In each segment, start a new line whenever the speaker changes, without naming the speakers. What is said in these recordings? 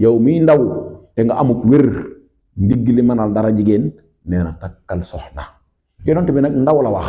yow mii ndaw te nga amuk wér ndigg li mënal dara jigéen nee na takkal soxna yonent bi nag ndaw la wax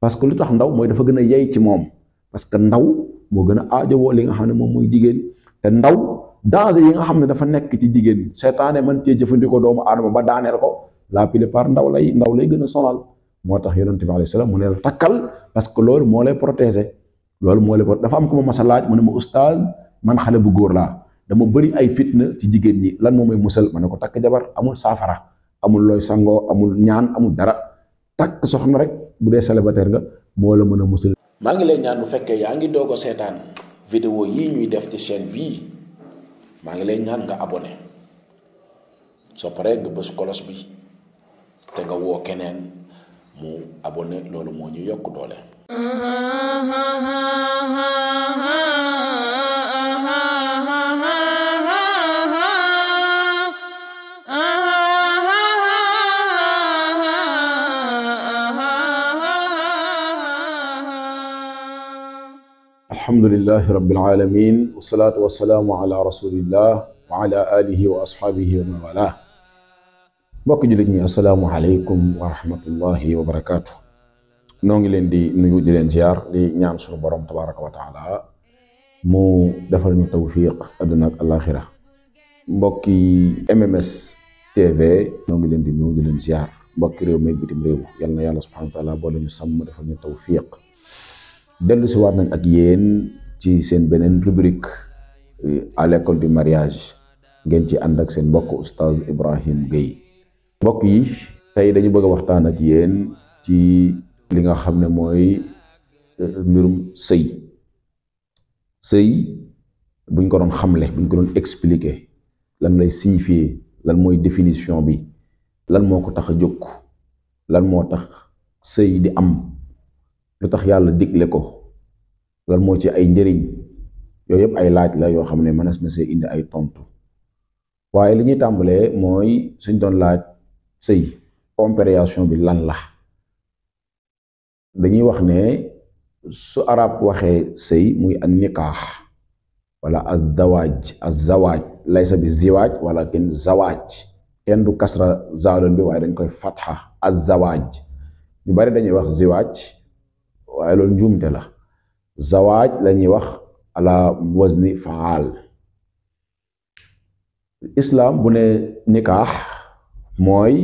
parce que lu tax ndaw mooy dafa gën a yey ci moom parce que ndaw moo gën a aajowoo li nga xam ne moom mooy jigéen te ndaw danger yi nga xam ne dafa nekk ci jigéen seetaane man cee jëfandikoo doomu aadama ba daaneel ko la plupart ndaw lay ndaw lay gën a sonal moo tax yonent bi alayhi salaam mu ne la takkal parce que loolu moo lay protégé loolu moo lay dafa am ko ma mas a laaj mu ne ma oustaz man xale bu góor laa dama bari ay fitna ci jigéen ñi lan moo may musal ma ne ko takk jabar amul saafara amul looy sangoo amul ñaan amul dara takk soxna rek bu dee célibataire nga moo la mën a musal. maa ngi lay ñaan bu fekkee yaa ngi doog seetaan video yii ñuy def ci chaîne bii maa ngi lay ñaan nga abonné soo paree nga bës kolos bi te nga woo keneen mu abonné loolu moo ñu yokk doole. alhamdulilahi rabbil alamin wasalaatu wasalaamu ala rasulillah wa ala alihi wa ashaabihi wa man wala mbokk jullit ñi asalaamu aleykum wa rahmatullahi wa barakaatu noo ngi leen di nuyu di leen ziar di ñaan suñu borom tabaraka wa taala mu defal ñu tawfiq àdduna ak alaxira mbokki MMS TV ñoo ngi leen di nuyu di leen ziar mbokki réew mi bitim réew yal na yàlla subhanahu wa taala boole ñu sàmm defal ñu tawfiq dellu si waat nañ ak yéen ci seen beneen rubrique euh, à l'école du mariage ngeen ci ànd ak seen mbokk oustaz Ibrahim Gueye mbokk yi tey dañu bëgg waxtaan ak yéen ci li nga xam ne mooy euh, mbirum sëy sëy buñ ko doon xamle buñ ko doon expliquer lan lay signifier lan mooy définition bi lan moo ko tax a jóg lan moo tax sëy di am lu tax yàlla digle ko lan moo ci ay njëriñ yooyu yëpp ay laaj la yoo xam ne mënees na see indi ay tontu waaye li ñuy tàmbalee mooy suñ doon laaj sëy compréhension bi lan la dañuy wax ne su arab waxee sëy muy an nikaax walla ak zawaaj ak zawaaj laysa bi ziwaaj wala kenn zawaaj kenn du kasra zaaloon bi waaye dañ koy fatxa ak zawaaj ñu bari dañuy wax ziwaaj waaye loolu njuumte la zawaaj la ñuy wax ala wazni faal islaam bu ne nikaax mooy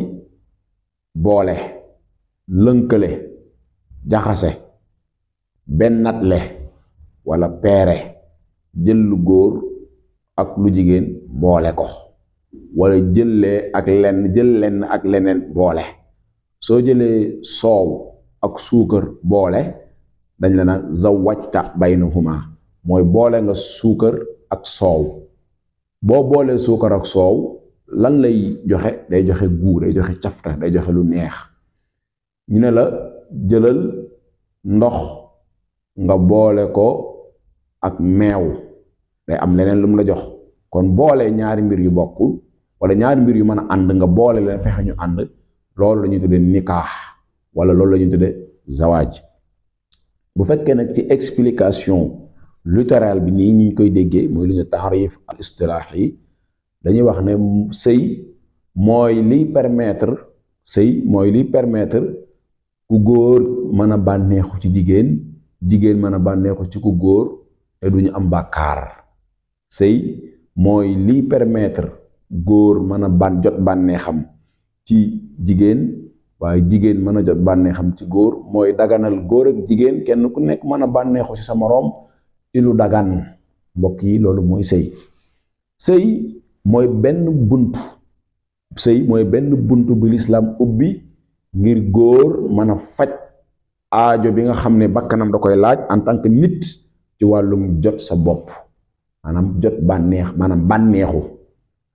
boole lënkale jaxase bennatle wala peere jël lu góor ak lu jigéen boole ko wala jëlee ak lenn jël lenn ak leneen boole soo jëlee soow ak suukar boole dañ la naan zawajta baynahuma mooy boole nga suukar ak soow boo boolee suukar ak soow lan lay joxe day joxe guur day joxe cafta day joxe lu neex ñu ne la jëlal ndox nga boole ko ak meew day am leneen lu mu la jox kon boole ñaari mbir yu bokkul wala ñaari mbir yu mën a ànd nga boole leen fexe ñu ànd loolu la ñuy nikaax wala loolu la ñu tudde zawaaj bu fekkee nag ci explication littérale bi nii ñu koy déggee mooy lu ñu taxarif al istilaax yi dañuy wax ne sëy mooy liy permettre sëy mooy liy permettre ku góor mën a bànneexu ci jigéen jigéen mën a bànneexu ci ku góor te duñu am bàkkaar sëy mooy liy permettre góor mën a ban jot bànneexam ci jigéen waaye jigéen mën a jot bànneexam ci góor mooy daganal góor ak jigéen kenn ku nekk mën a bànneexu ci sa moroom ci lu dagan mbokk yi loolu mooy sëy sëy mooy benn bunt sëy mooy benn bunt bi lislaam ubbi ngir góor mën a faj aajo bi nga xam ne bakkanam da koy laaj en tant que nit ci wàllum jot sa bopp maanaam jot bànneex maanaam bànneexu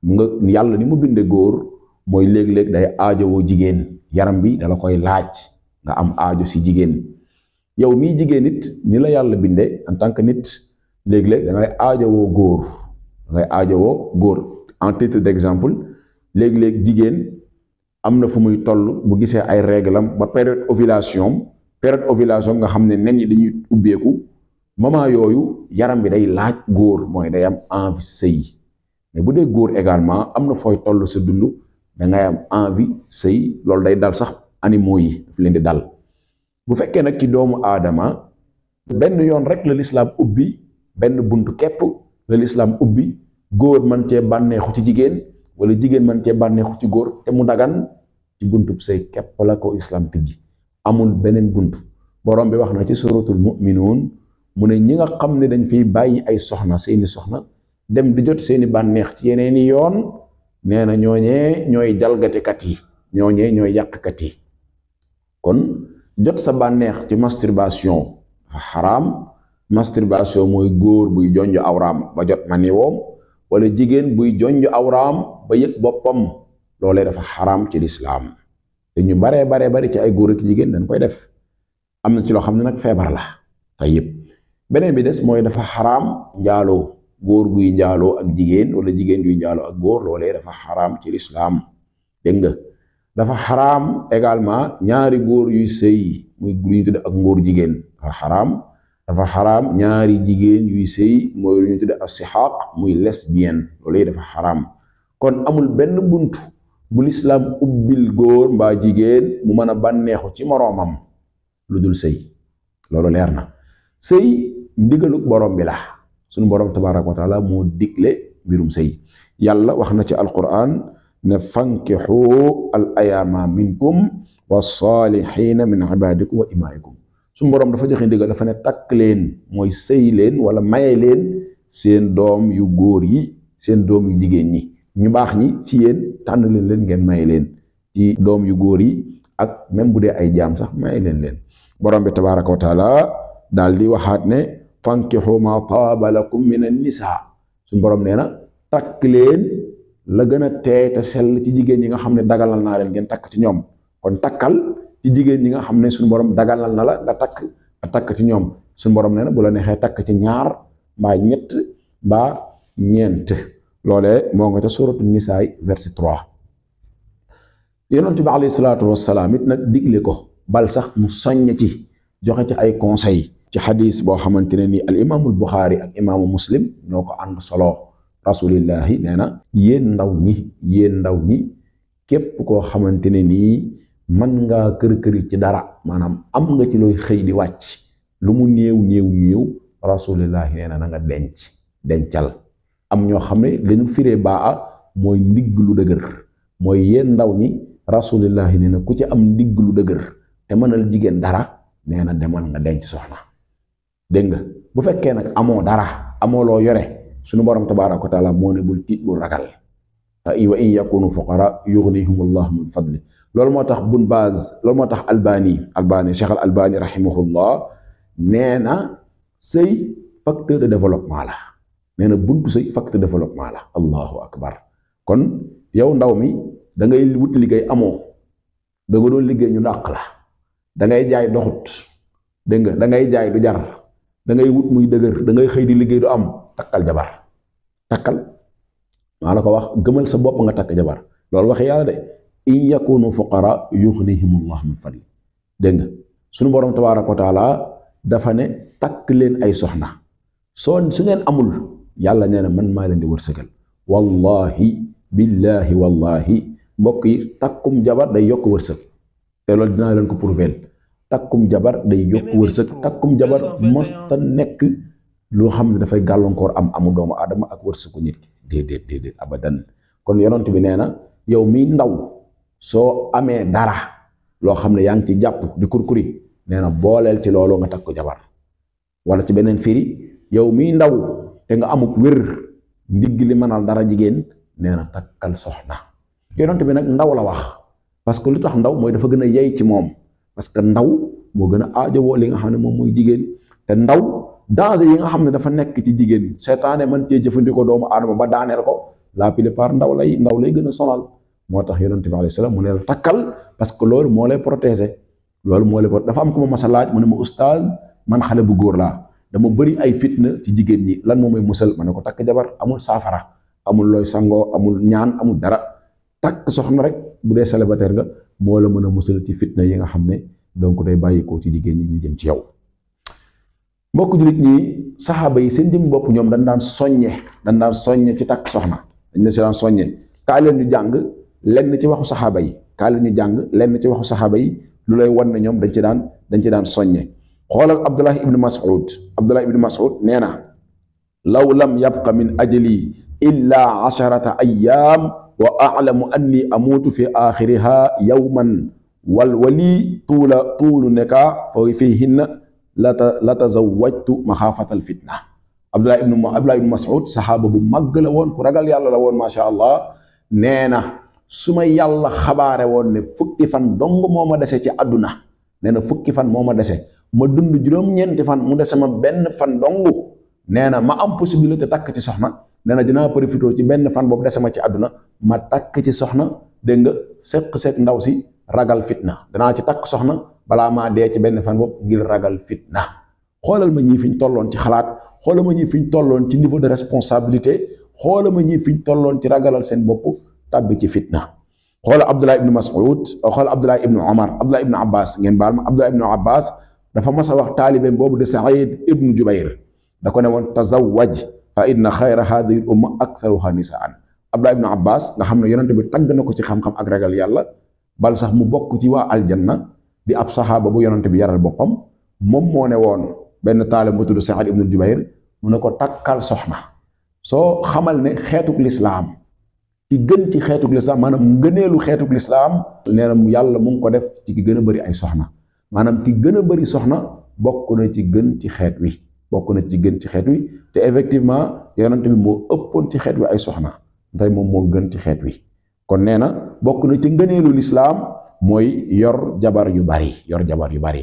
mu nga yàlla ni mu binde góor mooy léeg-léeg day aajowoo jigéen yaram bi dala koy laaj nga am aajo si jigéen yow mii jigéen it ni la yàlla binde en tant que nit léeg-léeg da ngay aajowoo góor da ngay aajowoo góor en titre d'exemple léeg-léeg jigéen am na fu muy toll bu gisee ay reglam ba période ovulation période ovulation nga xam ne nen yi dañuy ubbeeku moment yooyu yaram bi day laaj góor mooy day am envie sëy mais bu dee góor également am na fooy toll sa dund da ngay am envie sëy loolu day dal sax animaux yi daf leen di dal bu fekkee nag ci doomu aadama benn yoon rek la lislaam ubbi benn bunt képp la lislaam ubbi góor man cee bànneexu ci jigéen wala jigéen man cee bànneexu ci góor te mu dagan ci buntub sëy képp la ko islaam tijji amul beneen bunt borom bi wax na ci suratul muminuun mu ne ñi nga xam ne dañ fiy bàyyi ay soxna seeni soxna dem di jot seeni bànneex ci yeneeni yoon nee na ñooñee ñooy jalgatikat yi ñooñee ñooy yàqkat yi kon jot sa bànneex ci masturbation dafa xaraam masturbation mooy góor buy jonj awraam ba jot ma niwoom wala jigéen buy jonj awraam ba yëg boppam loolee dafa xaram ci lislaam te ñu baree baree bari ci ay góor ak jigéen dañ koy def am na ci loo xam ne nag feebar la tayib beneen bi des mooy dafa xaraam njaaloo góor guy njaaloo ak jigéen wala jigéen guy njaaloo ak góor loolee dafa xaram ci lislaam dégg nga dafa xaraam également ñaari góor yuy sëy muy lu ñu tudde ak ngóor jigéen dafa xaraam ñaari jigéen yuy sëy mooy muy lesbienne loolee dafa xaram kon amul benn bunt bu lislaam ubbil góor mbaa jigéen mu mën a bànneexu ci moroomam lu dul sëy loolu leer na sëy ndigaluk borom bi la suñu borom tabaraka wa taala moo digle mbirum sëy yàlla wax na ci alquran ne fankixu al ayaama minkum wa saalixiina min ibadikum wa imaikum suñu borom dafa joxe ndigal dafa ne takk leen mooy sëy leen wala maye leen seen doom yu góor yi seen doom yu jigéen ñi ñu baax ñi ci yéen tànn leen leen ngeen maye leen ci doom yu góor yi ak même bu dee ay jaam sax maye leen leen borom bi tabaraka wa taala di waxaat ne fankixu ma taaba lakum min annisaa suñu borom nee na takk leen la gën a teey te sell ci jigéen ñi nga xam ne dagalal naa leen ngeen takk ci ñoom kon takkal ci jigéen ñi nga xam ne suñu borom dagalal na la nga takk nga takk ci ñoom su borom nee na bu la neexee takk ci ñaar mbaa ñett ba ñeent loole moo nga ca suratu nisaay verset 3 yonent bi alayhi nag digle ko bal sax mu soññ ci joxe ci ay conseil ci xadis boo xamante ne ni al imaamu Buxaari ak imaamu muslim noo ko am solo rasulillahi nee na yéen ndaw ñi yéen ndaw ñi képp koo xamante ne nii man ngaa kër këri ci dara maanaam am nga ci looy xëy di wàcc lu mu néew néew néew rasulillahi nee na na nga denc dencal am ñoo xam ne li fire firee baa mooy ndigg lu dëgër mooy yéen ndaw ñi rasulillahi nee na ku ci am ndigg lu dëgër te mënal jigéen dara nee na demal nga denc soxna dégg nga bu fekkee nag amoo dara amoo loo yore suñu borom tabaaraka wa taala moo ne bul tiit bul ragal wa in yakunu fuqara yughnihumullahu min fadli loolu moo tax bun baaz loolu moo tax albani albani cheikh al albani rahimahullah nee na sëy facteur de développement la nee na buntu sëy facteur de développement la allahu akbar kon yow ndaw mi da ngay wut liggéey amoo da doon liggéey ñu dàq la dangay jaay doxut dégg nga da jaay du jar dangay wut muy dëgër dangay xëy di liggéey du am takkal jabar takkal maa la ko wax gëmal sa bopp nga takk jabar loolu waxee yàlla de in yakunu fuqara yughnihimullah min fadli dégg nga suñu borom tabaaraka wa dafa ne takk leen ay soxna soo su ngeen amul yàlla nee na man maa leen di wërsëgal wallahi billahi wallahi mbokk yi takkum jabar day yokk wërsëg te loolu dinaa leen ko prouver takkum jabar day yokk wërsëg takkum jabar mosta nekk loo xam ne dafay gàllankoor am amu doomu aadama ak wërsëgu nit déedéet déedéet abadan kon yonent bi nee na yow miy ndaw soo amee dara loo xam ne yaa ngi ci jàpp di kurkuri nee na booleel ci loolu nga takku jabar wala ci beneen firi yow miy ndaw te nga amuk wér ndigg li mënal dara jigéen nee na takkal soxna yonent bi nag ndaw la wax parce que lu tax ndaw mooy dafa gën a yey ci moom parce que ndaw moo gën a woo li nga xam ne moom mooy jigéen te ndaw danger yi nga xam ne dafa nekk ci jigéen seetaane man cee jëfandikoo doomu aadama ba daaneel ko la plupart ndaw lay ndaw lay gën a sonal moo tax yonente bi alayhi salaam mu ne takkal parce que loolu moo lay protégé loolu moo lay dafa am ko ma mas a laaj mu ne ma oustaz man xale bu góor laa dama bëri ay fitna ci jigéen ñi lan moom mooy musal ma ne ko takk jabar amul saafara amul looy sangoo amul ñaan amul dara takk soxna rek bu dee célibataire nga moo la mën a musal ci fitna yi nga xam ne donc day bàyyikoo ci jigéen ñi ñu jëm ci yow mbokk jullit ñi saxaaba yi seen jëm bopp ñoom dañ daan soññe dañ daan soññe ci takk soxna dañ la si daan soññe kaa leen ñu jàng lenn ci waxu saxaaba yi kaa ñu jàng lenn ci waxu saxaaba yi lu lay won na ñoom dañ ci daan dañ ci daan soññe xoolal Abdullah ibn Mas'ud Abdullah ibn Mas'ud nee na law lam yabqa min ajli illa asharata ayyaam wa aalamu anni amuutu fi axiriha yawman wal wali tuula tuulu neka fa fiihinna lata latazawajtu maxaafatal fitna Abdullah ibnu Abdullah ibnu Mas'ud saxaaba bu màgg la woon ku ragal yàlla la woon macha allah nee na su ma yàlla xabaare woon ne fukki fan dong moo ma dese ci àdduna nee na fukki fan moo ma dese ma dund juróom-ñeenti fan mu dese ma benn fan dong nee na ma am possibilité takk ci soxna. nee na dinaa profité ci benn fan boobu desama ci àdduna ma takk ci soxna dégg nga seq-seq ndaw si ragal fitna danaa ci takk soxna balaa maa dee ci benn fan boobu ngir ragal fitna xoolal ma ñii fi ñu tolloon ci xalaat xoolal ma ñii fi ñu tolloon ci niveau de responsabilité xoolal ma ñii fi ñu tolloon ci ragalal seen bopp tàbbi ci fitna xoola Abdullah ibnu Mas'ud xoola Abdullah ibnu Omar Abdullah ibnu Abbas ngeen baal ma Abdullah ibnu Abbas dafa mas a wax taalibeem boobu de Saïd ibnu Jubayr da ko ne woon tazawwaj fa inna xayra haadihi l umma aktharuha nisaan Abdullah ibn Abbas nga xam ne yonent bi tagg na ko ci xam-xam ak ragal yàlla bal sax mu bokk ci waa aljanna di ab saxaaba bu yonent bi yaral boppam moom moo ne woon benn taalib bu tudd Saad ibnu Jubayr mu ne ko takkal soxna soo xamal ne xeetuk lislaam ki gën ci xeetuk lislaam maanaam ngëneelu xeetuk lislaam nee yàlla mu ko def ci ki gën a bëri ay soxna maanaam ki gën a bëri soxna bokk na ci gën ci xeet wi bokk na ci gën ci xeet wi te effectivement yonent bi moo ëppoon ci xeet wi ay soxna tey moom moo gën ci xeet wi kon nee na bokk na ci ngëneelu lislaam mooy yor jabar yu bari yor jabar yu bari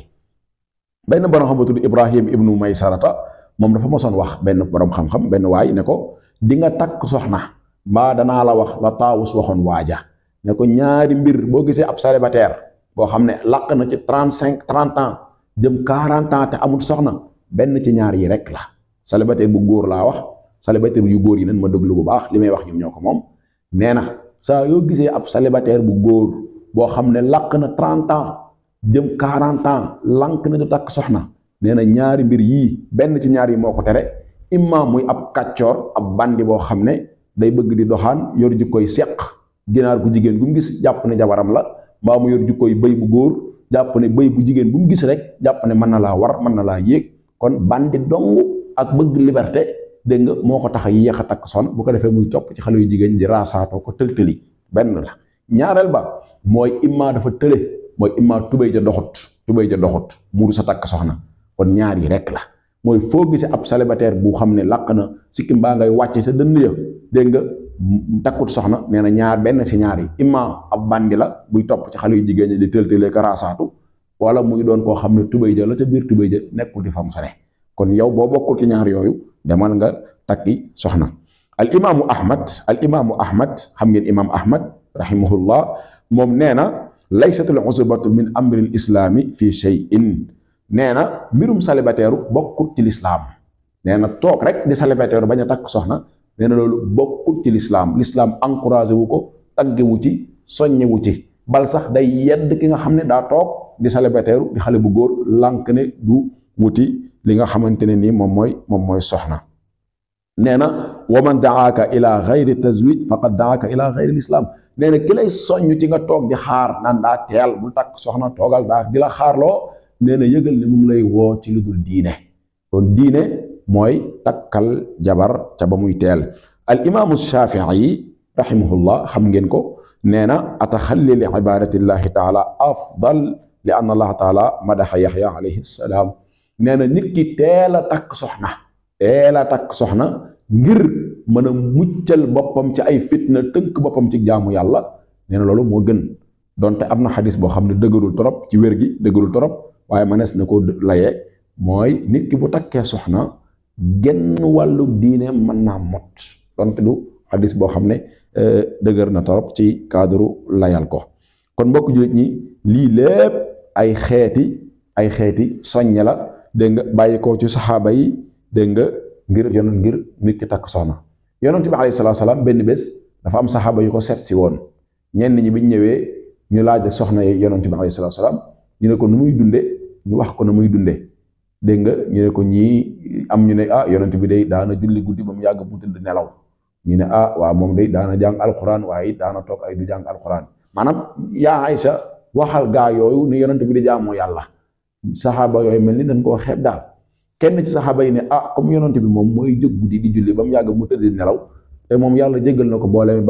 benn borom xam tudd Ibrahim ibnu sarata moom dafa mosoon wax benn borom xam-xam benn waay ne ko di nga takk soxna mbaa danaa la wax la taawus waxoon waaja ne ko ñaari mbir boo gisee ab célibataire boo xam ne laq na ci trente cinq trente ans jëm quarante amul soxna benn ci ñaar yi rek la célibataire bu góor laa wax célibataire yu góor yi nan ma déglu bu baax li may wax ñoom ñoo ko moom nee na saa yoo gisee ab célibataire bu góor boo xam ne làq na 30 ans jëm 40 ans lànk na du takk soxna nee na ñaari mbir yii benn ci ñaar yi moo ko tere imma muy ab kàccoor ab bandi boo xam ne day bëgg di doxaan yor jikkoy seq ginaar gu jigéen gu mu gis jàpp ne jabaram la mbaa mu yor jikkoy bëy bu góor jàpp ne bëy bu jigéen bu mu rek jàpp ne mën na laa war mën na laa yéeg kon bandi dong ak bëgg liberté dégg nga moo ko tax a yéex a takk son bu ko defee muy topp ci xale yu jigéen di raasaatoo ko tëltëli benn la ñaareel ba mooy imma dafa tële mooy imma tubéy ja doxut tubéy ja doxut muru sa takk soxna kon ñaar yi rek la mooy foo gisee ab célibataire bu xam ne làq na sikkim baa ngay wàcce sa dënd ya dégg nga takkut soxna nee na ñaar benn si ñaar yi imma ab bandi la buy topp ci xale yu jigéen ñi di tëltëlee ko raasaatu wala muy doon koo xam ne tubéy ja la ca biir tubéy ja nekkul di fonctionné kon yow boo bokkul ci ñaar yooyu la nga takki soxna al imaamu ahmad al imaamu ahmad xam ngeen imaam ahmad rahimahullah moom nee na laysatul usubatu min amril islaami fi shay'in nee na mbirum célibataire bokkut ci lislaam nee na toog rek di célibataire bañ a takk soxna nee na loolu bokkut ci lislaam lislaam encouragé wu ko taggewu ci soññewu ci bal sax day yedd ki nga xam ne daa toog di célibataire di xale bu góor lànk ne du wuti li nga xamante ne nii moom mooy moom mooy soxna nee na wa man daaka ila gayri tazwij faqad daaka ila gayri nee na ki lay ci nga toog di xaar naan daa teel bul takk soxna toogal daa di la xaarloo nee na yëgal ne mu lay woo ci lu dul diine kon diine mooy takkal jabar ca ba muy teel al imaamu shafii rahimahullah xam ngeen ko nee na ataxalli li ibadatillahi taala afdal li anna allah taala madaxa yaxya alayhi salaam nee na nit ki teel takk soxna teel takk soxna ngir mën a muccal boppam ci ay fitna tënk boppam ci jaamu yàlla nee loolu moo gën donte am na xadis boo xam ne dëgërul trop ci wér gi dëgërul trop waaye mënees na ko layee mooy nit ki bu takkee soxna genn wàllu diine mën naa mot xadis boo xam ne euh, dëgër na torop ci cadre layal ko kon mbokk jullit ñi lii lépp ay xeeti ay xeeti soññe la dégg nga bàyyi ko ci saxaaba yi dégg nga ngir yonon ngir nit ki takk soxna yonent bi alayhi salaatu salaam benn bés dafa am saxaaba yu ko seet si woon ñenn ñi biñ ñëwee ñu laaj soxna yi yonent bi alayhi salaatu salaam ñu ne ko nu muy dunde ñu wax ko na muy dunde dégg nga ñu ne ko ñii am ñu ne ah yonent bi day daana julli guddi ba mu yàgg mu tëdd nelaw ñu ne ah waaw moom day daana jàng alxuraan waaye it daana toog ay du jàng alxuraan maanaam yaa Aysa waxal gaa yooyu ne yonent bi di jaamu yàlla saxaaba yooyu mel ni dañ koo xeeb daal kenn ci saxaaba yi ne ah comme yonent bi moom mooy jóg di julli ba mu yàgg mu tëdd nelaw te moom yàlla jéggal na ko boole mi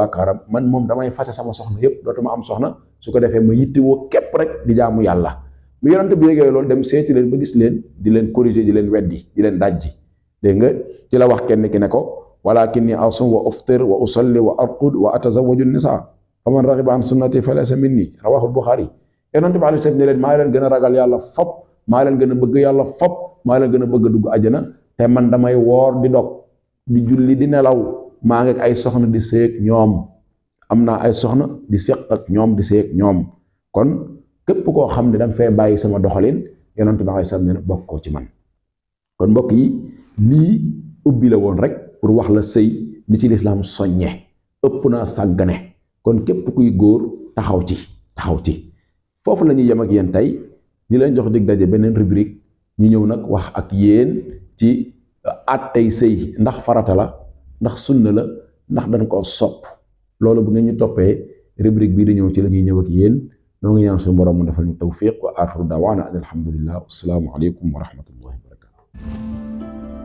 man moom damay fase sama soxna yëpp dootuma am soxna su ko defee ma yittewoo képp rek di jaamu yàlla bu yonent bi yégee loolu dem seeti leen ba gis leen di leen corriger di leen weddi di leen dajji dégg nga ci la wax kenn ki ne ko walakinni asum wa uftir wa usalli wa arqud wa atazawaju nisa faman raxiba an sunnati falaysa minni rawahu buxaari yonent bi alayhi salaam ne leen maa leen gën a ragal yàlla fop maa leen gën a bëgg yàlla fop maa leen gën a bëgg a man damay woor di dog di julli di nelaw maa ngi ay soxna di seeg ñoom am naa ay soxna di seq ak ñoom di seeg ñoom kon képp koo xam ne danga fee bàyyi sama doxalin yonent bi alayhi salaam ne koo ci man kon mbokk yi lii ubbi la woon rek. pour wax la sëy li ci lislaam soññe ëpp naa sàggane kon képp kuy góor taxaw ci taxaw ci foofu la ñuy yem ak yéen tey di leen jox dig daje beneen rubrique ñu ñëw nag wax ak yéen ci attey euh, sëy ndax farata la ndax sunna la ndax dañ koo sopp loolu bu ngeen ñu toppee rubrique bii di ñëw ci la ñuy ñëw ak yéen noo ngi ñaan suñu borom mu defal ñu tawfiq ko axiru daawaana an alhamdulillah wasalaamu aleykum wa rahmatullahi wa barakatuh